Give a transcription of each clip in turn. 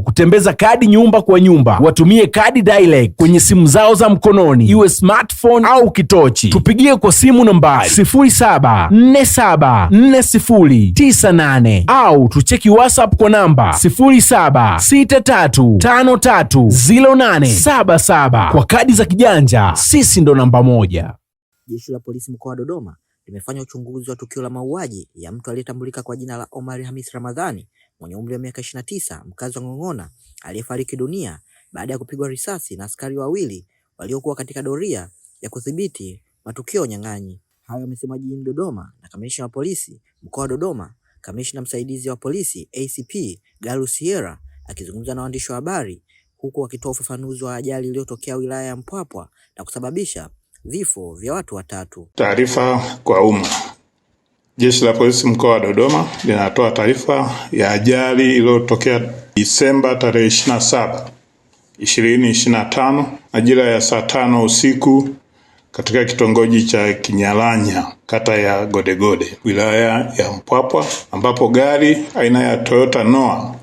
kutembeza kadi nyumba kwa nyumba, watumie kadi dialect kwenye simu zao za mkononi, iwe smartphone au kitochi. Tupigie kwa simu nambari 07474098 au tucheki WhatsApp kwa namba 0763530877. Kwa kadi za kijanja, sisi ndo namba moja. Jeshi la polisi mkoa wa Dodoma limefanya uchunguzi wa tukio la mauaji ya mtu aliyetambulika kwa jina la Omar Hamis Ramadhani mwenye umri wa miaka tisa mkazi wa Ng'ong'ona aliyefariki dunia baada ya kupigwa risasi na askari wawili waliokuwa katika doria ya kudhibiti matukio nyang'anyi. Hayo amesema jijini Dodoma na kamishna wa polisi mkoa wa Dodoma, kamishna msaidizi wa polisi ACP Galu Sierra akizungumza na waandishi wa habari huku akitoa ufafanuzi wa ajali iliyotokea wilaya ya Mpwapwa na kusababisha vifo vya watu watatu. Taarifa kwa umma. Jeshi la Polisi mkoa wa Dodoma linatoa taarifa ya ajali iliyotokea Disemba tarehe 27, 2025 majira ya saa tano usiku katika kitongoji cha Kinyalanya kata ya Godegode wilaya ya Mpwapwa ambapo gari aina ya Toyota Noah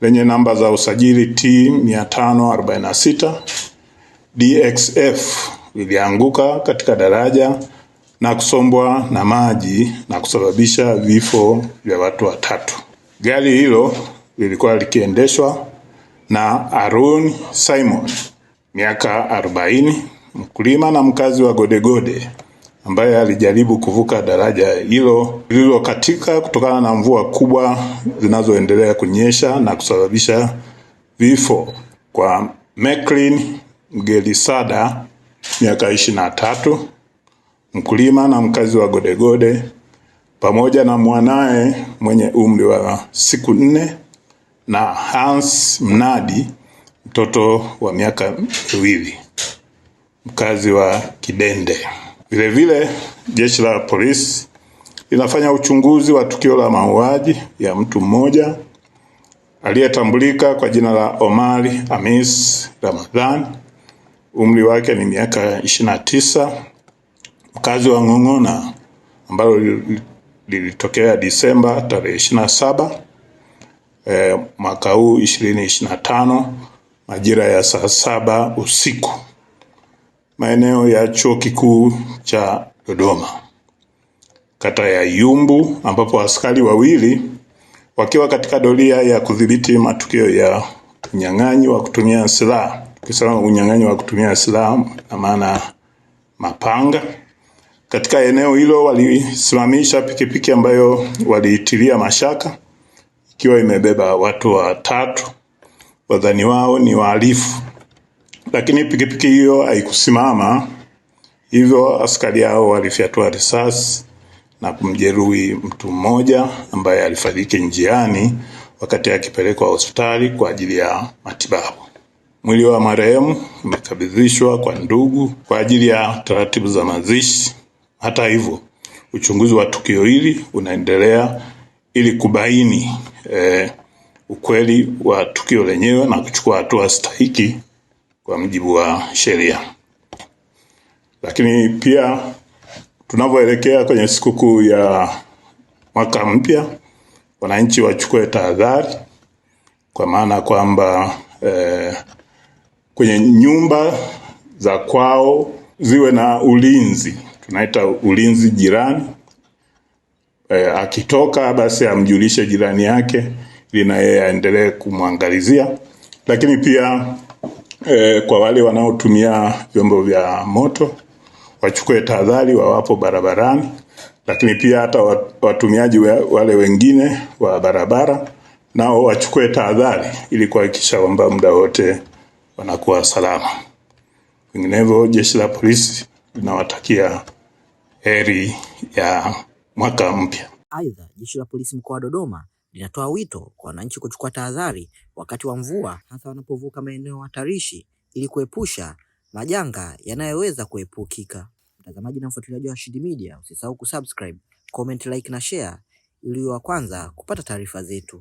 lenye namba za usajili T 546 DXF lilianguka katika daraja na kusombwa na maji na kusababisha vifo vya watu watatu. Gari hilo lilikuwa likiendeshwa na Arun Simon, miaka arobaini, mkulima na mkazi wa Godegode ambaye alijaribu kuvuka daraja hilo lililokatika kutokana na mvua kubwa zinazoendelea kunyesha na kusababisha vifo kwa Maclean Gelisada miaka ishirini na tatu mkulima na mkazi wa Godegode pamoja na mwanaye mwenye umri wa siku nne na Hans Mnadi mtoto wa miaka miwili mkazi wa Kidende. Vilevile jeshi la polisi linafanya uchunguzi wa tukio la mauaji ya mtu mmoja aliyetambulika kwa jina la Omari amis ramadhan umri wake ni miaka ishirini na tisa wakazi wa Ng'ong'ona ambalo lilitokea Disemba tarehe ishirini na saba e, mwaka huu ishirini ishirini na tano majira ya saa saba usiku maeneo ya chuo kikuu cha Dodoma kata ya Yumbu ambapo askari wawili wakiwa katika doria ya kudhibiti matukio ya unyang'anyi wa kutumia silaha. Tukisema unyang'anyi wa kutumia silaha na maana mapanga katika eneo hilo walisimamisha pikipiki ambayo waliitilia mashaka ikiwa imebeba watu watatu wadhani wao ni wahalifu, lakini pikipiki hiyo haikusimama, hivyo askari hao walifyatua risasi na kumjeruhi mtu mmoja ambaye alifariki njiani wakati akipelekwa hospitali kwa ajili ya matibabu. Mwili wa marehemu umekabidhishwa kwa ndugu kwa ajili ya taratibu za mazishi. Hata hivyo, uchunguzi wa tukio hili unaendelea ili kubaini eh, ukweli wa tukio lenyewe na kuchukua hatua stahiki kwa mujibu wa sheria. Lakini pia tunavyoelekea kwenye sikukuu ya mwaka mpya, wananchi wachukue tahadhari, kwa maana kwamba eh, kwenye nyumba za kwao ziwe na ulinzi tunaita ulinzi jirani e, akitoka basi amjulishe jirani yake ili na yeye aendelee kumwangalizia. Lakini pia e, kwa wale wanaotumia vyombo vya moto wachukue tahadhari wawapo barabarani, lakini pia hata watumiaji wale wengine wa barabara nao wachukue tahadhari ili kuhakikisha kwamba muda wote wanakuwa salama. Vinginevyo jeshi la polisi linawatakia heri ya mwaka mpya. Aidha, jeshi la polisi mkoa wa Dodoma linatoa wito kwa wananchi kuchukua tahadhari wakati wa mvua, hasa wanapovuka maeneo hatarishi ili kuepusha majanga yanayoweza kuepukika. Mtazamaji na mfuatiliaji wa Washindi Media, usisahau kusubscribe, comment, like na share ili wa kwanza kupata taarifa zetu.